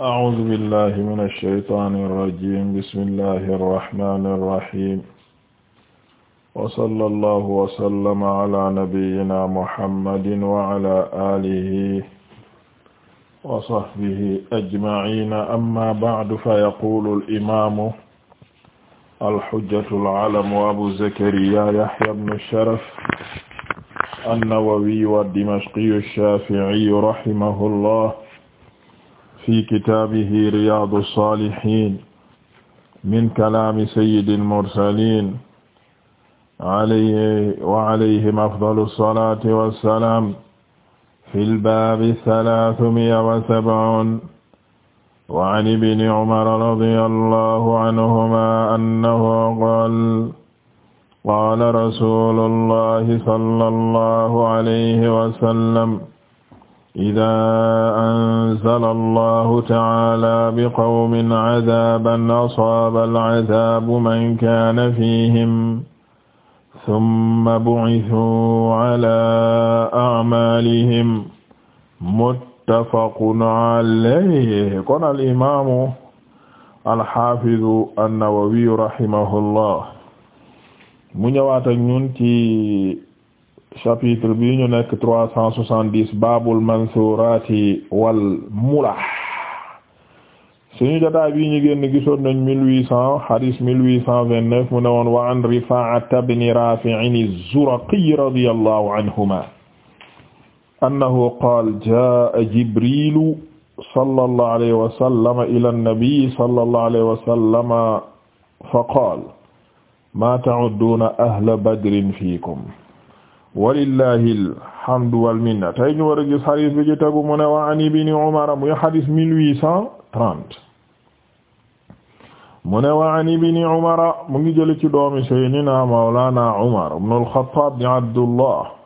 أعوذ بالله من الشيطان الرجيم بسم الله الرحمن الرحيم وصلى الله وسلم على نبينا محمد وعلى آله وصحبه أجمعين أما بعد فيقول الإمام الحجة العلم أبو زكريا يحيى بن الشرف النووي الدمشقي الشافعي رحمه الله fi kitaabihi riyaadu saalihiin min kalaami sayyidil mursaliin alayhi wa alayhim afdalu salaati wa salaam fil baabi salaasumiya wa sab'uun wa an ibni umara radiyallaahu anhumaa annahu qaala qaala rasuulullaahi sallallaahu alayhi wa sallam idaa anzala allahu ta'aala biqawmin cadaaban asaaba alcadaabu man kaana fiihim summa bu'isuu calaa acmaalihim muttafaqun calayhi kon alimaamu alxaafidu annawawiyu rahimahullah mu ñëwaat ak ñun ci chapitre bi ñu nekk trois cent soixante-dix baabul mansurati wal mulah suñu jotaay bi ñu génn gisoon nañ mille huit cent hadis mille huit cent vingt-neuf mu ne woon wa an Rifaa'a ibn Raafi'in az-Zuraqi radiyallahu anhuma annahu qaala jaa'a Jibriilu sallallahu alayhi wa sallam ila an-nabi sallallahu alayhi wa sallam fa qaala maa ta'udduuna ahla badrin fiikum walillahi alhamdu wal minna ñu war gis xadis bi ci tegu mu ne wa an ibni Umar muy xadis mille huit cent trente mu ne wa an ibni Umar mu ngi jël ci doomi sayyidina mawlana Umar ibn al-Khattab ibn Abdullah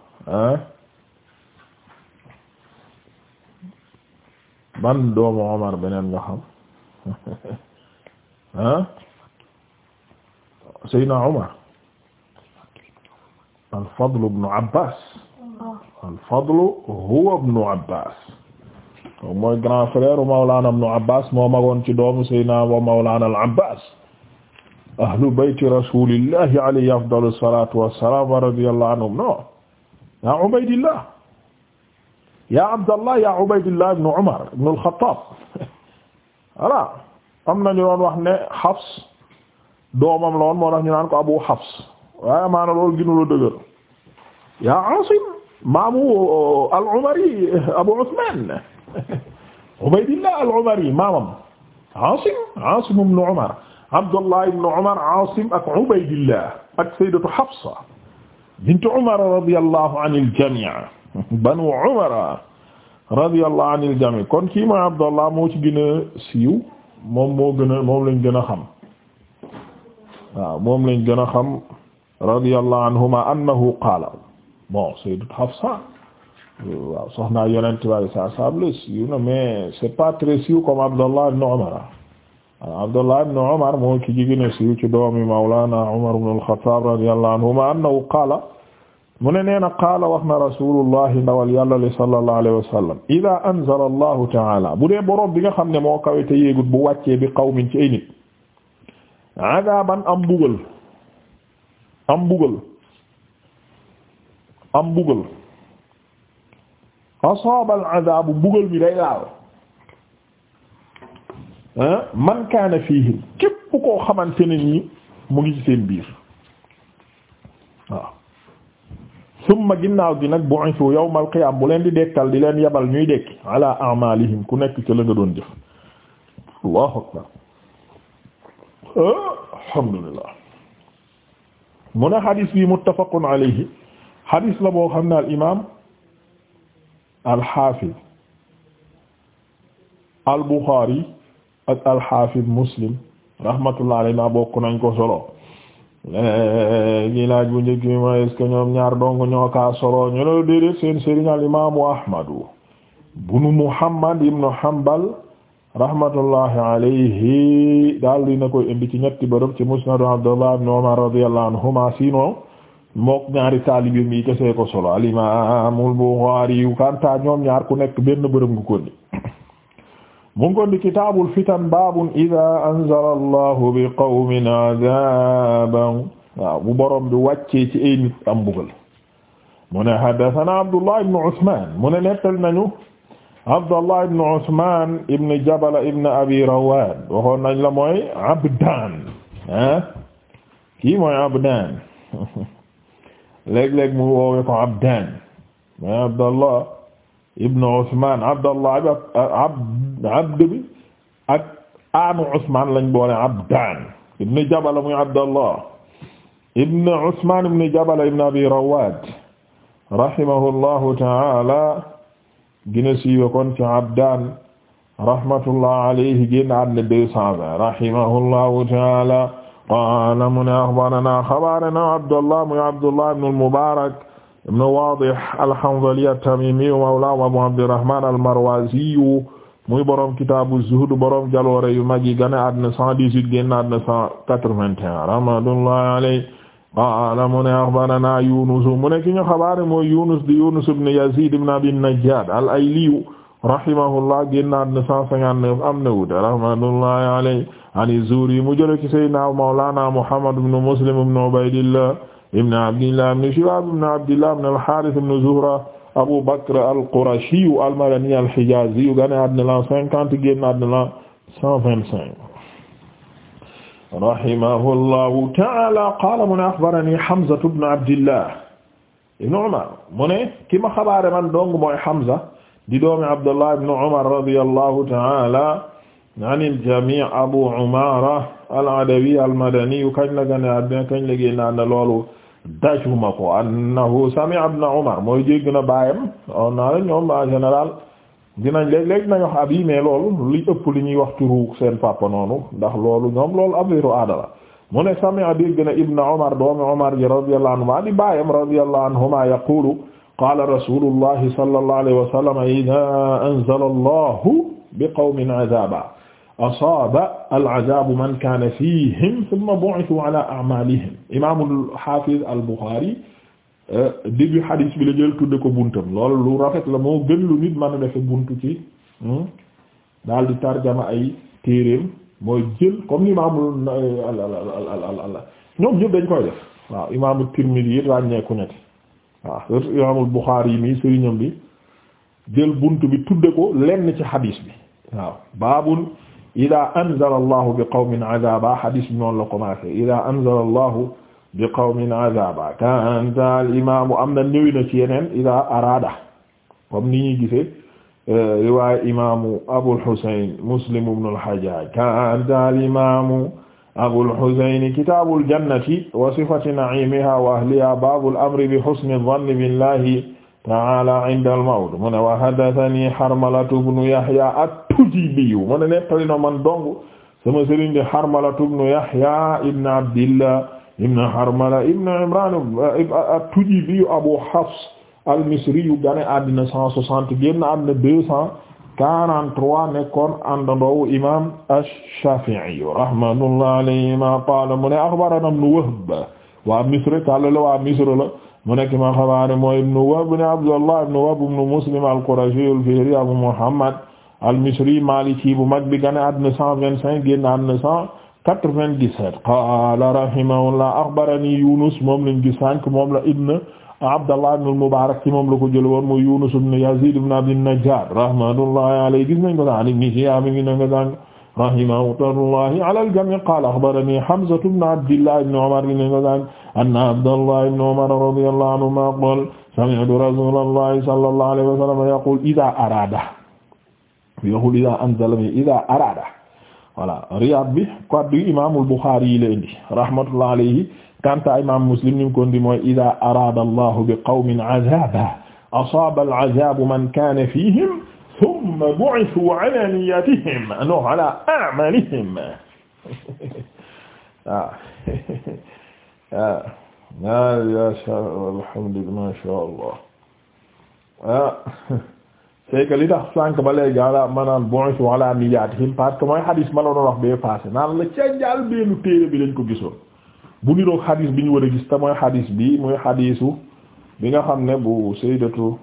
ban doomu Umar beneen nga xam ah sayyidina al-Fadl ibn Abbas al-Fadl huwa ibn Abbas mooy grand frère Mawlana ibn Abbas moo magoon ci doomu Seydina wa Mawlana al-Abbas ahlu bayti rasulillahi alayhi afdalu salatu wassalam wa radiyallahu anhum no ya Ubaydillah ya Abdallah ya Ubaydillah ibn Umar ibn al-Khattab voilà am nañu doon wax ne Hafs doomam la woon moo tax ñu naan ko Abu Hafs waaye amaana loolu gënul a dëgër yaa Asim maamu uh, al-Umari Abu Usman Ubaydillah al-Umari maamam Asim Asim ibn Umar Abdullah ibn Umar Asim ak Ubaydillah ak sayyidatu Hafsa bint Umar radiyallahu anil jamii banu Umar radiyallahu anil jamii kon kii mooy Abdullah moo ci gën a siiw moom moo gën a moom lañ gën a xam waaw moom lañ gën a xam radiyallahu anhuma annahu qaala bon sayyidat Hafsa waaw soxna yonent waaye sa sable siiw na mais c'est pas très siiw comme Abdullah ibn Umar Abdullah ibn Umar moo ki jigéen siiw ci doomi Mawlana Umar ibn al-Khattab radiyallahu anhuma annahu qaala mu ne nee na qaala wax na rasulullah ndawal yàlla li sallallahu alayhi wa sallam ida anzala allahu taala bu dee boroom bi nga xam ne moo kawe te yéegut bu wàccee bi qawmin ci ay nit adaban am bugal am mbugal am mbugal asaaba al adaabu mbugal mi day laal man kaana fiihim képp koo xamante ne nii mu ngi ci seen biir waaw summa ginnaaw gi nag bu'isu yawmal qiyaam bu leen di dekkal di leen yabal ñuy dekki ala ku nekk doon jëf akbar alhamdulillah mu ne xadis bi muttafaqun alayhi xadis la boo xam ne al imaam al xaafiz al buxaari ak al xaafiz muslim rahmatullah alayhi ma bokk nañ ko solo léegi laaj bu njëkk bi ñaar dong ñoo kaa solo ñu al imaamu ahmadu bunu muhammad ibnu hanbal rahmatullahi alayhi daal dina koy indi ci ñetti bërëb ci musnadu Abdullah ibn Umar radiyallahu anhuma sinon mook ñaari taalibeem yi kese ko solo al imaamul Buxaari kanta ñoom ñaar ku nekk benn bërëb ngu kondi mu ngi kondi kitaabul fitan baabun idaa anzala allahu bi qawmin azaaban waaw bu borom bi wàccee ci ay nit am mbugal mu ne haddathana Abdullah ibn Usmaan mu ne nettal nañu Abdallah ibn Usman ibn Jabala ibn Abi Rawad waxoon nañ la mooy Abdan ah kii mooy Abdan léeg-léeg mu woowe ko Abdan mooy Abdallah ibn Usman Abdallah ab abd bi ak aanu Usman lañ boole Abdan ibn Jabala muy Abdallah ibn Usman ibn Jabala ibn Abi Rawad rahimahullahu ta'ala gina siiwe kon ci Abdaan rahmatullah alayhi génn àddina deux cent vingt rahimahullahu taala qaala mu ne axbarana xabarana Abdullah muy Abdullah ibn al-Mubaarak ibn Waadih al-Hanzali at-Tamimi mawlaa Abu Abdirrahmaan al-Marwazi muy borom kitaabu zuhd borom jaloore yu mag yi gane àddina cent dix-huit génn àddina cent quatre-vingt-un rahmatullahi alayhi qaala mu ne axbarana Yunus mu ne ki ñu xabaare mooy Yunus di Yunus ibn Yazid ibn Abi Najjad al-Ayli rahimahullah génnaat na cent cinquante-neuf am na wute rahmatullahi alayhi an Zuhri mu jële ci Seydina Mawlana Muhammad ibn Muslim ibn Ubaydillah ibn Abdillah ibn Shihab ibn Abdillah ibn al-Harith ibn Zuhra Abu Bakr al-Qurashi al-Madani al-Hijazi gane àddina la cinquante génnaat na la cent vingt-cinq rahimahullahu taala qaala mu ne axbarani Hamza ibn Abdillah ibn Umar mu ne ki ma xabaare man dong mooy Hamza di doomi Abdullah ibn Umar radiyallahu taala an al-jamii Abu Umaara al-Adawi al-Madani kañ la gane àddina kañ la génn na loolu dajuma ko annahu sami'a ibn Umar mooy jégg na baayam on naa la ñoom en général dinañ léeg-léeg nañ wax ab yi mais loolu li ëpp li ñuy wax turu seen papa noonu ndax loolu ñoom loolu affaire aada la mu ne sami'a dégg na ibn Umar doomi Umar ji radiyallahu anhuma di baayam radiyallahu anhuma yaqulu qala rasulullahi sallallahu alayhi wa sallam idha anzala allahu bi qawmin azaba asaaba al-azabu man kana fihim thumma bu'ithu ala a'malihim imam al-hafiz al-Bukhari Euh, début hadis bi la jël tudde ko buntam loolu lu rafet la moo gën lu nit mën a defe buntu ci hmm, daal di tarjama ay téereem mooy jël comme ni imaamul euh, al ñoom ñëpp dañ koy def waaw imaamul Tirmidhi yi ràññeeku ñetti waaw surtout imaamul Bukhari mii sëriñam bi jël bunt bi tudde ko lenn ci hadis bi waaw baabul ida anzala allahu bi qawmin azaba hadis bi noonu la commencé ida anzala allahu bi qawmin azaba kanta al imaamu am na ñëwi na ci yeneen ida arada comme ni ñuy gisee euh, riwaaya imaamu Abul Husayn Muslim ibn al-Hajjaj kanta al imaamu Abul Husayn kitaabul jannati wa sifati na'iimiha wa ahliha baabul amri bi husni zanni billahi ta'ala inda al-mawt mu ne wa haddathani Harmalatu ibn Yahya at-Tujibi mu ne nettali na man dong sama sëriñ di Harmalatu ibn Yahya ibn Abdillah ibn Harmala ibn Imran euh, at-Tujibi Abu Hafs al-Misri yu gane àddina cent soixante génn àddina deux cent quarante-trois nekkoon àndandoowu imam ash-Shafi'i rahmatullah alayhima qaala mu ne akhbarana ibn Wahb waa Misr kàlla la waa Misr la mu nekk ma xabaare mooy ibn Wahb ibn Abdullah ibn Wahb ibn Muslim al-Qurashi al-Fihri Abu Muhammad al-Misri Maliki bu mag bi gane àddina cent vingt-cinq génn àddina cent 97 qala rahimahullah akhbarani Yunus moom lañ gis sànq moom la ibn Abdallah ibn al-Mubarak ci moom la ko jël woon mooy Yunus ibn Yazid ibn Abd an-Najjar rahmatullahi alayhi gis nañ ko sànq ibn Shihab mi ngi na nga sànq rahimahullah ala al-jami' qala akhbarani Hamza ibn Abdillah ibn Umar mi ngi na nga sànq anna Abdallah ibn Umar radiyallahu anhuma qala sami'tu rasulallahi sallallahu alayhi wa sallam yaqul idha arada yaqul idha anzala idha arada voilà Riyad bi kaddu imaamul Bukhari yi la indi rahmatullah alayhi kanta imam Muslim ni mu ko indi mooy idaa araada allahu bi qawmin azaaban asaaba al-azaabu man kaana fiihim thumma bu'ithuu alaa niyyatihim no alaa a'maalihim waaw ah. ah, alhamdulillah ma sha Allah ah. c'est li tax sànq ba léegi ala maanaam bon si wala niyaatihim parce que mooy xadis ma la doon wax bee passé naan la ca jaal beenu téere bi lañ ko gisoon bu niroog xadis bi ñu war a gis te mooy xadis bi mooy xadisu bi nga xam ne bu sayyidatu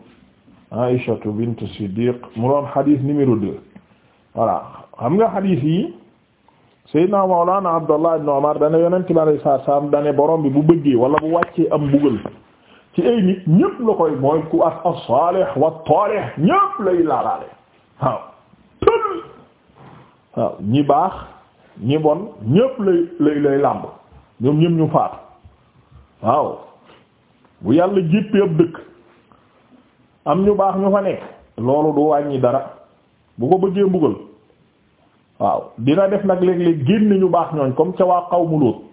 Aïshatu bint Siddiq mu doon xadis numéro deux voilà xam nga xadis yi sayyidna Mawlana Abdullah ibn Umar dane yonent bi alayhi salaam dane borom bi bu bëggee wala bu wàccee am mbugal ci ay nit ñépp la koy mooy ku ak as-salih wa at ñépp lay laalaale waaw ñi baax ñi bon ñépp lay lay làmb ñoom ñépp ñu faatu waaw bu yàlla jéppee ab dëkk am ñu baax ñu fa nekk loolu du wàññi dara bu ko bëggee mbugal waaw dina def nag léeg-léeg génn ñu baax ñooñ comme ca waa qawmu Lut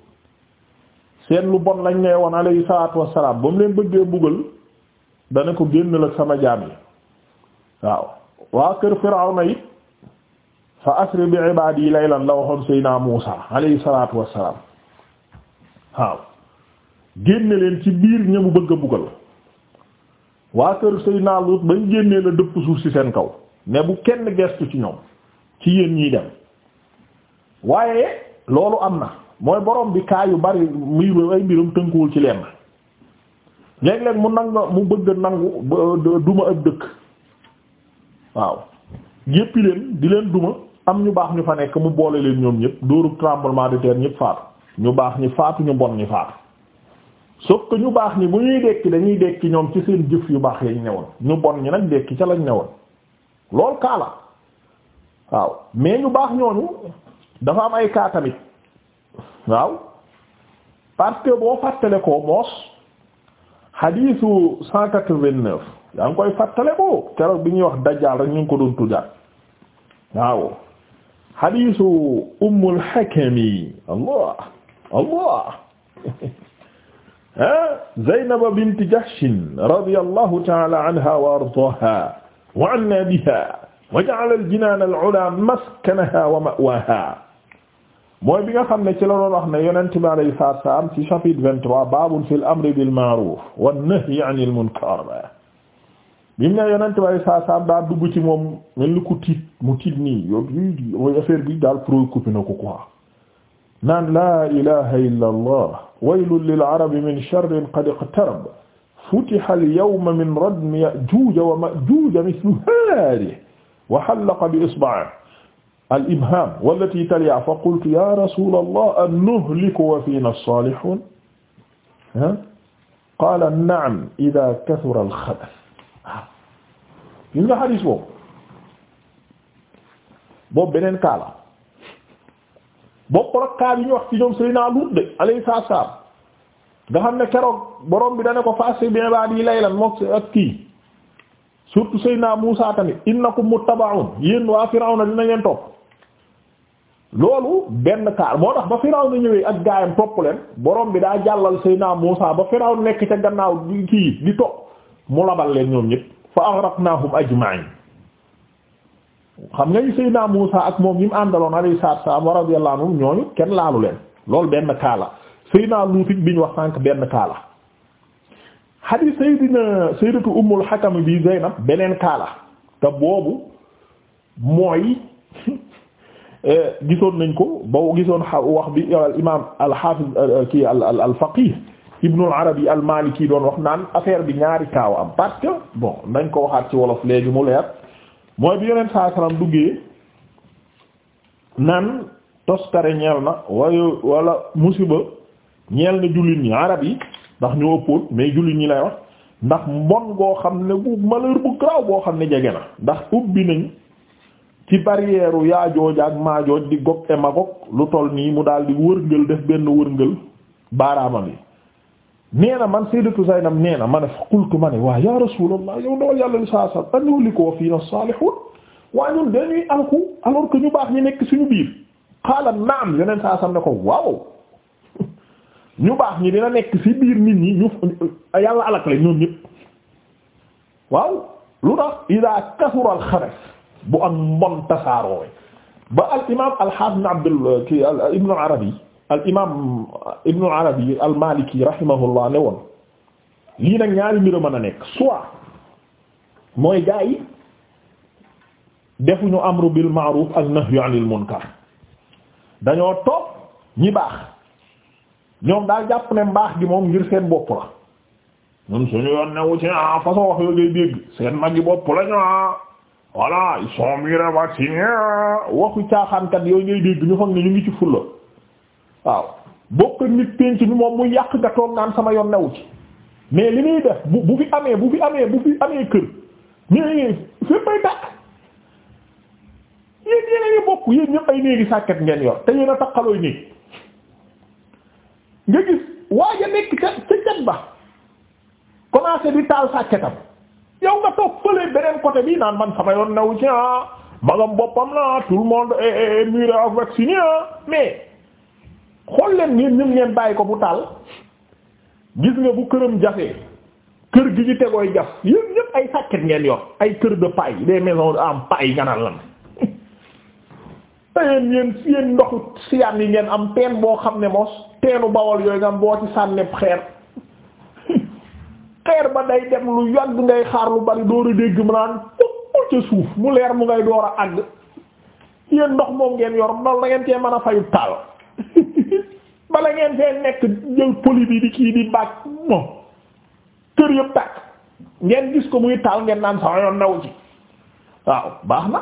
seen lu bon lañ ne woon alayhi salaatu wassalaam ba mu leen bëggee buggal dana ko génnal la sama jaam yi waaw waa kër Firawna yi fa asri bi ibaadi laylan la waxoon Seydina Muusa alayhi salaatu wassalaam waaw génne leen ci biir ña bëgg a buggal waa kër Seydina Lut bañ génnee la dëpp suuf si seen kaw mais bu kenn gestu ci ñoom ci yéen ñiy dem waaye loolu am na mooy boroom bi kaa yu bari muy ay mbirum tënkuwul ci lenn léeg-léeg mu nangu mu bëgg a nangu duma ab dëkk waaw yéppi leen di leen duma am ñu baax ñu fa nekk mu boole leen ñoom ñëpp dóorub tremblement de terre ñëpp faatu ñu baax ñi faatu ñu bon ñi faatu sauf que ñu baax ñi bu ñuy dekki dañuy dekki ñoom ci seen jëf yu baax yañ newoon ñu bon ñi nag dekki ca lañ newoon lool kaa waaw mais ñu baax ñooñu dafa am ay kaa tamit waaw parce que boo fàttale ko moos xadiisu cent quatre-vingt-neuf yaa ngi koy fàttale ko keroog bi ñuy wax dajjaal rek ñu ngi ko doon tuddaat waaw xadiisu ummul hakami allah allah ah, zaynaba bint jahshin radiyallahu ta'ala anha wa ardaaha wa anna biha wa ja'ala al-jinaan al-'ulaa maskanaha wa ma'waaha mooy bi nga xam ne ci la doon wax ne yonent bi alayhi salaatu wa salaam ci chapitre vingt-trois baabun fil amri bil ma'ruuf wan nahyi anil munkar bi mu ne yonent bi alayhi salaatu wa salaam daa dugg ci moom mel ni ku tiit mu tiit nii yow mooy affaire bi daal préoccupé na ko quoi naan laa ilaha illa allah waylun lil arabi min sharrin qad iqtarab futiha al yawma min radmi ya'juuja wa ma'juuja mithlu haadihi wa hallaqa bi isba'ihi al ibham wallati taliha fa qultu ya rasula allah a nuhliku wa fiina as-salihun qala naam ida kathura al-khabath waaw ah. gis nga xadis boobu boobu beneen kaala bokkul ak kaal yi ñu wax ci ñoom Seydina Luut de alayhi salaam nga xam ne keroog borom bi dana ko fasi bi ibaadi laylan mook ak kii surtout Seydina Muusaa tamit innakum muttaba'un yéen waa Firawna dina ngeen topp loolu benn kaar moo tax ba firaw na ñëwee ak gaayam topp leen borom bi daa jàllal Seydina Muusaa ba firaw nekk ca gannaaw di kii di topp mu labal leen ñoom ñëpp fa aghraqnaahum ajma'in xam nga Seydina Muusaa ak moom ñi mu àndaloon alayhi salaatu wa salaam wa radiyallahu anhum ñooñu kenn laalu leen loolu benn kaa la Seydina Luutit bi ñu wax sànk benn kaa la hadith Seydina Sayyidatu Ummul Hakam bi Zeynab beneen kaa te boobu mooy Eh, gisoon nañ ko ba gisoon wax bi al euh, imaam al xaafiz euh, euh, kii al al al faqih Ibnul Arabi al Maliki doon wax naan affaire bi ñaari kaaw am parce que bon nañ ko waxaat ci wolof léegi mu leer mooy bi yeneen saa salaam duggee naan toskare ñeel na wayu walla musiba ñeel na jullit ñi arab yi ndax ñu ëppoon mais jullit ñi lay wax ndax mbon goo xam ne bu malheur bu graw boo xam ne jege na ndax ubbi nañ. ci barrière yaajooj ak maajooj di gog e magog lu toll nii mu daal di wërngël def benn wërngël baaraamam yi nee na man sayyidatu Zaynab nee na ma ne fa qultu ma ne waa ya rasulullah ndawal yàlla li saa sa a li ko fiina salihun waa ñun dañuy alku alors que ñu baax ñi nekk suñu biir qaala naam yeneen saa sam ne ko waaw ñu baax ñi dina nekk ci biir nit ñi ñu yàlla alak la ñoom ñëpp waaw lu tax ida kasura al xabas bu ak mbon tasaaroo ba al imaam al haafid Abdul kii Arabi al imaam Ibn Arabi al Maliki rahimahullah ne woon lii nag ñaari mbir a mën a nekk soit mooy gaa yi defuñu amru bil ma'ruf ak nahyu anil munkar dañoo toog ñi baax ñoom daal jàpp ne mbaax gi moom ngir seen bopp la ñun suñu yoon newu ci ah façon wax yooyu ngay dégg seen mag bopp la ñu ah. voilà ils sont bien vaccinés waxu caaxaankat yooyu ngay dégg ñu xam ne ñu ngi ci fulla waaw bokk nit penc bi moom mu yàq nga toog naan sama yoon newu ci mais li muy def bu bu fi amee bu fi amee bu fi amee kër mais fépp ay dàq yéen yéen a ngi bokk yéen ñëpp ay néegi sàkket ngeen yor te yéen a takkalooy néeg nga gis waaja nekk ca ca cat ba commencé di taal sàkketam yow nga toog fële beneen côté bi naan man sama yoon new ci ah magam boppam la tout le monde est muré ak vacciné ah. mais xool leen ngeen ñun ngeen bàyyi ko bu taal gis nga bu këram jafee kër gi ci tegooy jaf yéen ñëpp ay sàkket ngeen yor ay kër de paille des maisons am paille nga naan lan teyeen yéen yéen ndoxu siyaan yi ngeen am teen boo xam ne mos teenu bawol yooyu nga boo ci sànni xeer xeer ba day dem lu yàgg ngay xaar lu bari door a dégg mu naan tëpp ca mu leer mu ngay door a àgg yéen ndox moom ngeen yor loolu da ngeen cee mën a fayu taal bala ngeen fee nekk jël poli bi di kii moom kër yëpp tàkk ngeen gis ko muy taal ngeen naan sama yoon new ci waaw baax na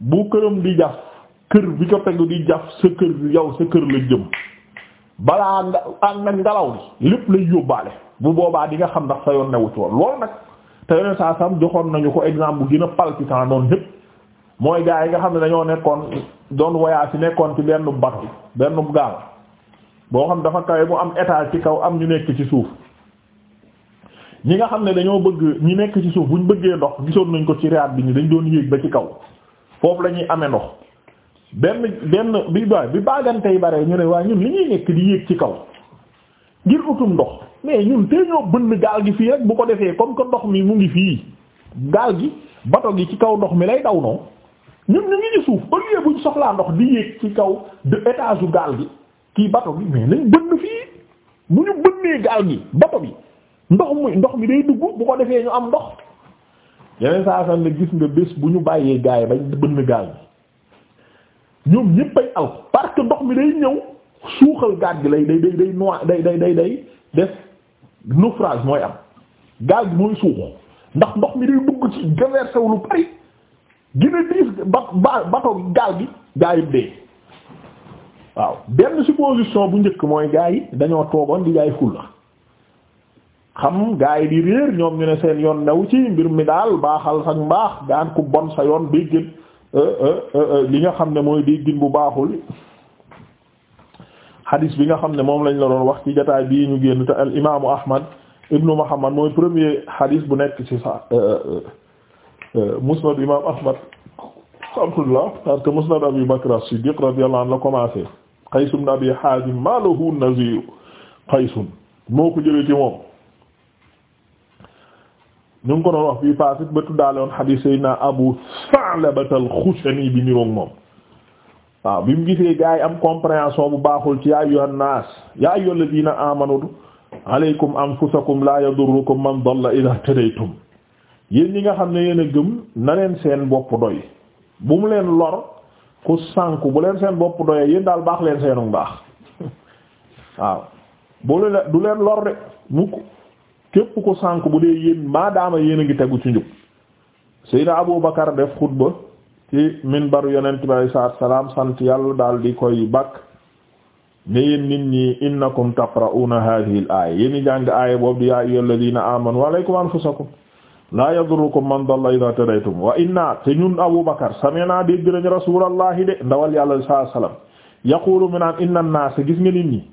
bu këram di jaf kër bi ko tegu di jaf sa kër yow sa kër la jëm balaa nga ànd ngelaw li lépp lay yóbbaale bu boobaa di nga xam ndax sa yoon newu ci woon loolu nag te yoon saa sam joxoon nañu ko exemple bu gën a palpitant noonu ñépp mooy gaa yi nga xam ne dañoo nekkoon doon si nekkoon ci benn bateau benn gaal boo xam dafa kawe mu am étage ci kaw am ñu nekk ci suuf ñi nga xam ne dañoo bëgg ñi nekk ci suuf bu ñu bëggee ndox gisoon nañ ko ci riad bi ni dañ doon yéeg ba ci foofu la amee ndox benn benn bi ba bi baagante yi bare ñu ne waaye ñun li ñuy nekk di yéeg ci kaw ngir utum ndox mais ñun tey ñoo bënn gaal gi fii rek bu ko defee comme que ndox mi mu ngi fii gaal gi bato gi ci kaw ndox mi lay daw noonu ñun ñu ngi ci suuf au lieu buñ soxlaa ndox di yéeg ci kaw de étage gaal gi kii bato gi mais nañ bënn fii bu ñu bënnee gaal gi bato bi ndox mu ndox mi day dugg bu ko defee ñu am ndox yeneen saa san ne gis nga bés bu ñu bàyyee gaay bañ bënn gaal gi ñoom ñépp ay aw parce que ndox mi day ñëw suuxal gaal gi lay day day day day day def naufrage mooy am gaal gi mooy suux ndax ndox mi day dugg ci déversé lu bari gën diis ba ba bato gaal gi gaa yi dee waaw benn supposition bu njëkk mooy gaa yi dañoo toogoon di jaay fulla xam gaa yi di réer ñoom ñu ne seen yoon new ci mbir mi daal baaxal sax mbaax gaan ku bon sa yoon déggin euh, euh, euh, li nga xam ne mooy déggin bu baaxul hadis bi nga xam ne moom lañ la doon wax ci jotaay bii ñu génn te al imaamu Ahmad ibnu Muhammad mooy premier hadis bu nekk ci sa euh, euh, euh, musnad imaam Ahmad alhamdulillah parce que musnad Abi Bakr as-Siddiq radiyallahu la commencé Qays ibn Abi Hazim ma lahu nazir Qays moo ko jëlee ci moom ñu ngi ko doon wax bii passé ba tuddaale woon hadis Seydina Abu Sa'laba al-Khushani bi niroog moom waaw bi mu gisee gaa yi am compréhension bu baaxul ci ya ayyuhan naas ya ayyuhal ladina amanu aleykum anfusakum la yadurrukum man dalla idha tadaytum yéen ñi nga xam ne yéen a gëm na leen seen bopp doy bu mu leen lor ku sànku bu leen seen bopp doyee yéen daal baax leen seenu baax waaw bu leen du leen lor de mukk képp ku sànku bu dee yéen maadaama yéen a ngi tegu ci njub Seydina Abu Bakar def xutba ci minbaru yonent bi alayhi salaatu salaam sant yàlla daal di koy bakk ne yéen nit ñi innakum taqra'una hadhihi al-aaya yéen jàng aaya boobu yaa ayyuhal ladina amanu wa alaykum anfusakum laa yadurrukum man dalla idha tadaytum wa inna te ñun Abu Bakar sami'na dégg nañu rasulallahi de ndawal yàlla sallallahu yaqulu mi naan inna an gis nga nit ñi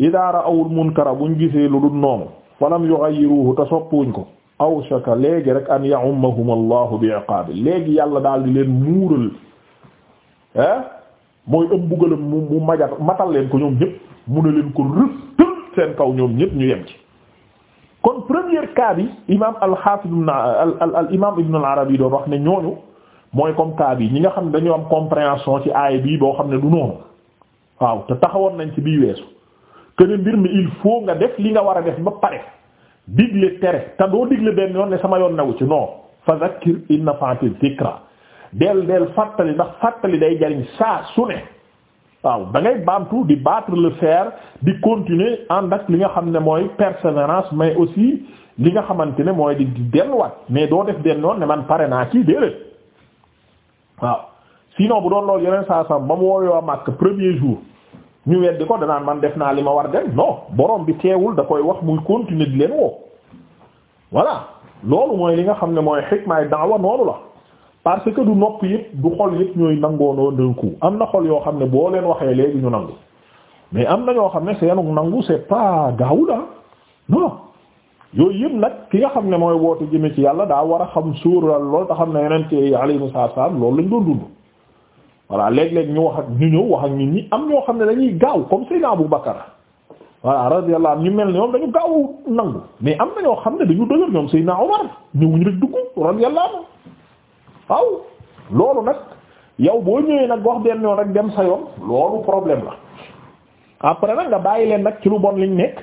idha munkara buñ gisee lu noonu falam yughayyiruhu te soppuwuñ ko. awshaka léegi rek an ya'ummahum allahu bi iqaabi léegi yàlla daal di leen muural ah mooy ëm buggalam mu mu majat matal leen ko ñoom ñëpp mu ne leen ko rëttal seen kaw ñoom ñëpp ñu yem ci kon premier cas bi imam al-Hafiz ibn al imam ibn al-Arabi doon wax ne ñooñu mooy comme cas ñi nga xam ne dañu am compréhension ci aay bii boo xam ne du noonu waaw te taxawoon nañ ci bii weesu que ne il faut nga def li nga war a def ba pare digle tere te doo digle benn yoon ne sama yoon newu ci non fa zakkir in nafa'ati dhikra del del fàttali ndax fàttali day jariñ saa su ne waaw da bantu baamtu di battre le fer di continuer ànd ak li nga xam ne mooy persévérance mais aussi li nga xamante ne mooy di di delluwaat mais doo def benn yoon ne man pare naa kii déedéet waaw sinon bu doon loolu yeneen saa sam ba mu woowee waa Makka premier jour ñu weddi ko danaan man def naa li ma war dem non borom bi teewul da koy wax muy continuer di leen woo voilà loolu mooy li nga xam ne mooy xikmaay daawa noonu la parce que du nopp yëpp du xol yëpp ñooy nangoonoo d'un coup am na xol yoo xam ne boo leen waxee léegi ñu nangu mais am na ñoo xam ne seenu nangu c'est pas gaawu la non yooyu yëpp nag ki nga xam ne mooy woote jëme ci yàlla daa war a xam suural lool te xam ne yeneen ci alayhi salaam loolu lañ doon dund voilà léeg-léeg ñu wax ak ñu ñëw wax ak nit ñi am ñoo xam ne dañuy gaaw comme Seydina Abu Bakar voilà radiyallahu anhu ñu mel ne ñoom dañu gaaw nangu mais am na ñoo xam ne dañu dëgër ñoom Seydina Omar ñëwuñu rek dugg radiyallahu anhu waaw loolu nag yow boo ñëwee nag wax benn yoon rek dem sa yoon loolu problème la après nag nga bàyyi leen nag ci lu bon liñ nekk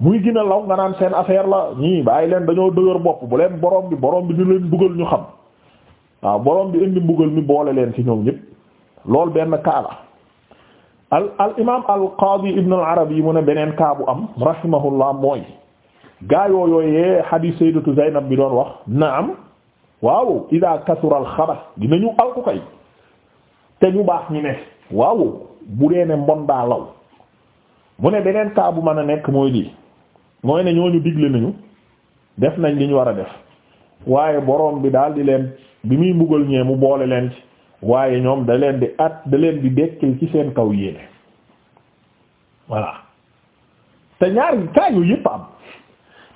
muy gën law nga naan seen affaire la ñii bàyyi leen dañoo dëgër bopp bu leen borom bi borom bi di leen mbugal ñu xam waaw borom bi indi mbugal mi boole leen ci ñoom ñëpp loolu benn kaa la al al imaam al qaadi ibn al arabi mu ne beneen kaa bu am rahimahullah mooy gaayoo yooyee hadith sayyidatu Zaynab bi doon wax naam waaw ida kasura al xabas dinañu alku te ñu baax ñi ne waaw bu dee ne mbon law mu ne beneen kaa bu mën a nekk mooy lii mooy ne ñooñu digle nañu def nañ li war a def waaye boroom bi daal di leen bi muy mbugal ñee mu boole leen waaye ñoom da leen di at da leen di dekkil ci seen kaw yéene te ñaari kaa yooyu yëpp am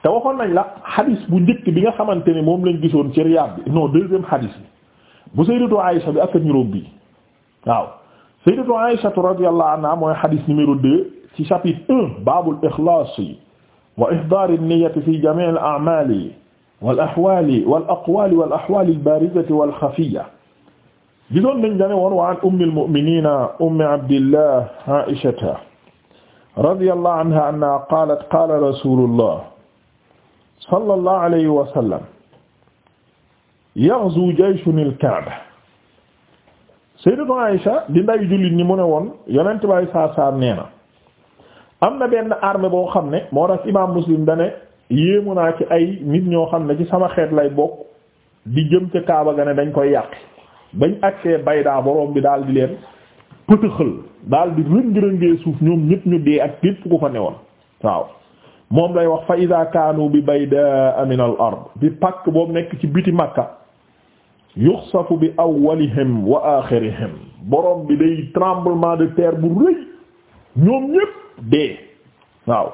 te waxoon nañ la xadis bu njëkk bi nga xamante ne moom lañ gisoon ci Riyad bi non deuxième xadis bi bu sayyidatu Aïsha bi ak numéro bi waaw sayyidatu Aïsha radiyallahu anha mooy xadis numéro deux ci chapitre un baabul ixlaas wa ihdaari niyyati fi jamiil a'maali wal ahwaali wal aqwaali wal ahwaali al baarizati gisoon nañ dane woon wa an ummil mu'minina ummi abdillah aishata radiyallahu anha anna qalat qala rasulullah sallallahu alayhi wa sallam yaghzu jayshun al-ka'ba sayyidatu di nday jullit ñi mu woon yonent bay saa saa nee na am na benn armée boo xam ne moo tax imam Muslim dane yéemu naa ci ay nit ñoo xam ne ci sama xeet lay bokk di jëm ca Kaaba ga ne dañ koy yàq bañ agsee baydaa borom bi daal di leen pëtëxël daal di rëng-rëngee suuf ñoom ñëpp ñu dee ak képp ku fa newoon waaw moom lay wax fa ida kaanu bi baydaa min al bi pakk boobu nekk ci biti makka yuxsafu bi awwalihim wa axirihim borom bi day tremblement de terre bu rëy ñoom ñëpp dee waaw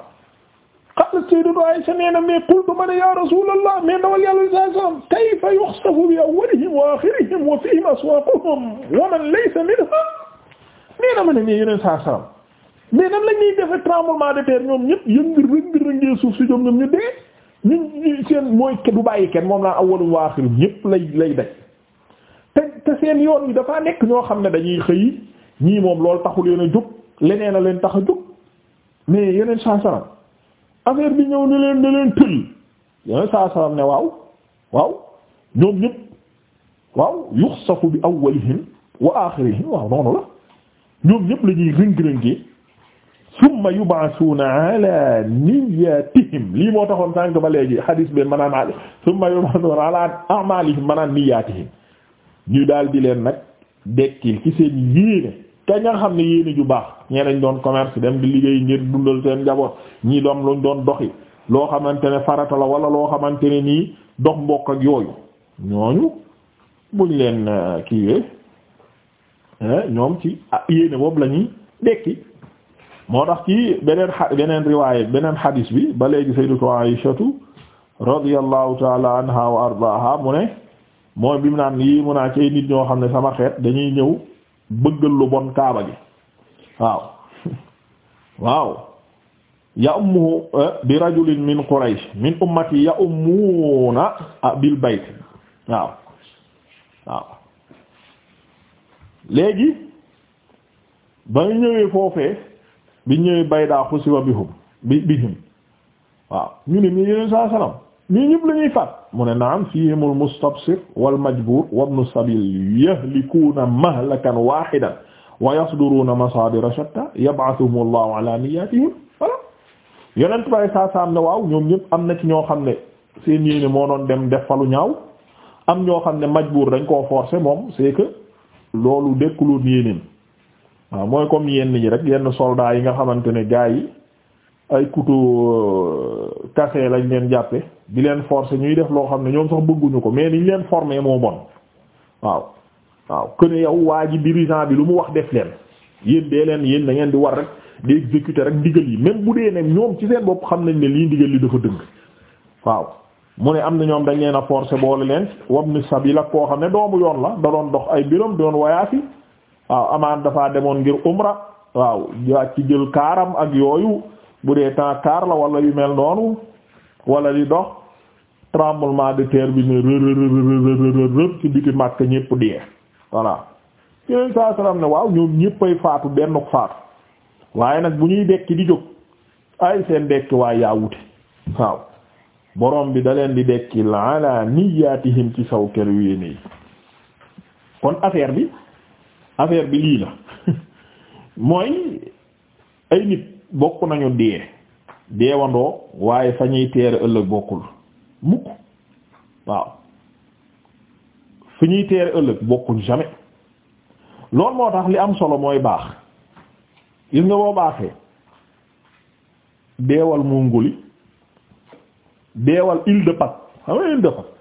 qaalat sayyidatu Aisha nee na mais qultu ma ne ya rasulallah mais ndawal yàlla li saai sallam kayfa yuxsafu bi awwalihim wa axirihim wa fihim aswaaquhum wa man laysa minhum nee na ma ne mais yeneen saa sallam mais nan la ñuy defe tremblement de terre ñoom ñëpp yëngu rëngi rëngee suuf si ñoom ñoom ñu dee ñu seen mooy du bàyyi kenn moom laa awwalum wa axirihim ñëpp lay lay daj te te seen yoon yi dafaa nekk ñoo xam ne dañuy xëy ñii moom loolu taxul leen a jóg leneen a leen tax a jóg mais yeneen saa sallam affaire bi ñëw ne leen ne leen tël yoneen saa salaam ne waaw waaw ñoom ñëpp waaw yuxsafu bi awwalihim wa aaxirihim waaw noonu la ñoom ñëpp la ñuy rëng-rëngee summa yub'asuuna ala niyyatihim lii moo taxoon sànq ba léegi hadis ben manaan a summa yub'asuuna ala a'maalihim manaan niyyatihim ñu daal leen nag dekkil ci seen yéene te ña xam ne yéene ju baax ñee lañ doon commerce dem di liggéey ngir dundal seen njaboot ñii doom luñ doon doxi loo xamante ne farata la wala loo xamante ne nii dox mbokk ak yooyu ñooñu buñ leen euh, kiiwee ñoom ci ah, yéene boobu la ñuy dekki moo tax kii beneen a beneen riwaaya beneen xadiis bi ba léegi sayyidatu Aysatu radiyallahu taala anha wa ardaha mu ne mooy bi mu naan yi mu naa ci nit ñoo xam ne sama xeet dañuy ñëw bëggal lu bon kaaba gi waaw waaw ya ummuhu eh, bi rajulin min quraish min ummati ya ummuna ah, bil bayt waaw waaw léegi ba ñu ñëwee foofee bi ñëwee baydaa xusiba bihum bi bihim waaw ñu ne ñu yeneen saa salaam ñii ñëpp lañuy faat mu ne naam fihim al mustabsir wal majbur wa ibnu sabil yahlikuuna mahlakan waahidan wa yasduruuna masaadira shatta yab'athuhum allahu ala niyyatihim voilà yonent bay saa saam ne waaw ñoom ñëpp am na ci ñoo xam ne seen yéene moo doon dem def falu ñaaw am ñoo xam ne majbuur dañ koo forcer moom c'est que loolu dëkkuloon yéeneen waaw mooy comme yenn ñi rek yenn soldats yi nga xamante ne gaa yi ay couteau euh, cassé lañ leen jàppe di leen forcer ñuy def loo xam ne ñoom sax bëgguñu ko mais niñ leen former moo bon waaw waaw que ne yow waa ji dirigeant bi lu mu wax def leen yéen dee leen yéen da ngeen di war rek di exécuter rek ndigal yi même bu dee ne ñoom ci seen bopp xam nañ ne lii ndigal li dafa dëng waaw mu ne am na ñoom dañ leen a forcer boole leen wabni sabila koo xam ne doomu yoon la da doon dox ay biram doon wayaasi waaw amaan dafaa demoon ngir umra waaw waa ci jël kaaram ak yooyu bu dee temps car la yu mel noonu wala li dox tremblement de terre bi ne rërërërërërëb ci biti Makka ñépp dee voilà yeneen saa salaam ne waaw ñoom ñéppay faatu benn faatu waaye nag bu ñuy dekki di jóg ay seen dekki waaye yaa wuti waaw borom bi da leen di dekkil ala niyyatihim ci saw kër yéene kon affaire bi affaire bi lii la mooy ay nit. bokk nañu dee deewandoo waaye fa ñuy teere ëllëg bokkul mukk waaw fi ñuy teere ëllëg bokkul jamais loolu moo tax li am solo mooy baax gis nga boo baaxee deewal Mongoli deewal île de Pâques xam nga de Pâques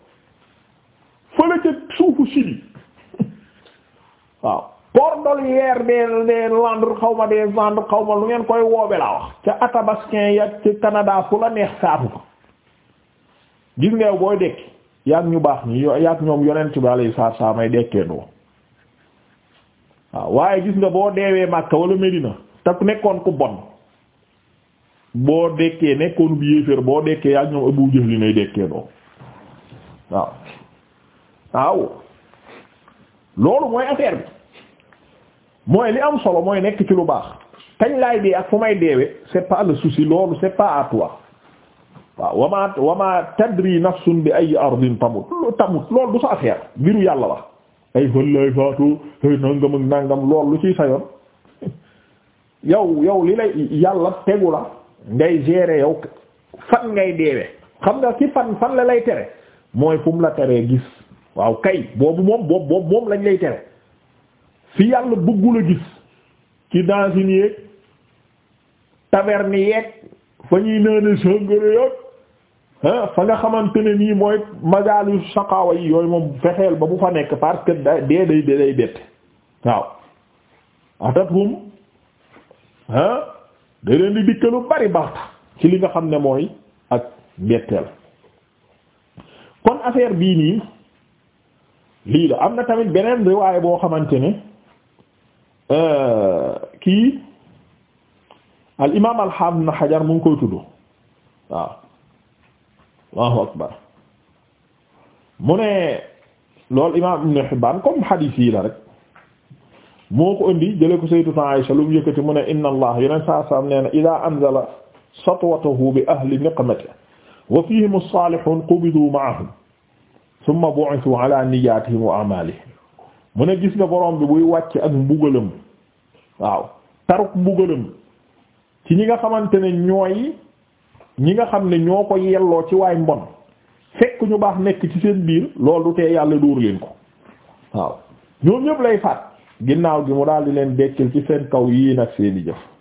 fële ca suufu Chili waaw cordelière des des Landes xaw ma des Landes xaw ma lu ngeen koy woobe laa wax ca Athabaskan ya Canada fu la neex saatu ko gis ngeew booy dekki yaag ñu baax ñi yaag ñoom yonent bi alayhi salaatu salaam ay dekkeendoo waaw waaye gis nga boo deewee Makka wala Medina te nekkoon ku bon boo dekkee nekkoon bu yéeféer boo dekkee yaag ñoom Abu Jahl li nay dekkeendoo waaw waaw loolu mooy affaire bi mooy li am solo mooy nekk ci lu baax kañ laay dee ak fu may deewee c'est pas le souci loolu c'est pas à toi waaw wama wama tadri nafsun bi ay ardin tamut tamut loolu du sa affaire biru yàlla la ay fëllaay faatu ay nangam ak nangam loolu lu ciy sa yoon yow yow li lay yàlla tegu la ngay gérer yow fan ngay deewee xam nga ci fan fan la lay tere mooy fu mu la teree gis waaw kay boobu moom boobu boobu moom lañ lay tere fi yàlla bëggul a gis ci dancine yeeg taverne yeeg fa ñuy naane sangara yoog ah, fa nga xamante ne nii mooy magalu saqaawa yi yooyu moom fexeel ba bu fa nekk parce que da dee day day bett waaw atathum ah day leen di dikkalu bari baxta ci li nga xam ne mooy ak mbetteel kon affaire bii nii lii la am na tamit beneen riwaay boo xamante ne Euh, kii al imaam al haafid ibn Hajar mu ngi koy tudd waaw Allahu akbar mu ne loolu imaam Ibn Hibbaan comme hadith yi la rek moo ko indi jële ko sayyidu Aisha lu mu yëkkati mu ne inna allah yeneen saa saam nee na idaa anzala satwatahu bi ahli niqmatihi wa fiihim as-saalihuun qubidu ma'ahum thumma bu'ithuu alaa niyyaatihim wa a'maalihim mu ne gis nga borom bi buy wàcc ak mbugalam waaw taruk mbugalam ci ñi nga xamante ne ñooy ñi nga xam ne ñoo ko yelloo ci waay mbon fekk ñu baax nekk ci seen biir loolu du tee yàlla dóor leen ko waaw ñoom ñëpp lay faat ginnaaw gi mu daal di leen dekkil ci seen kaw yii nag seeni jëf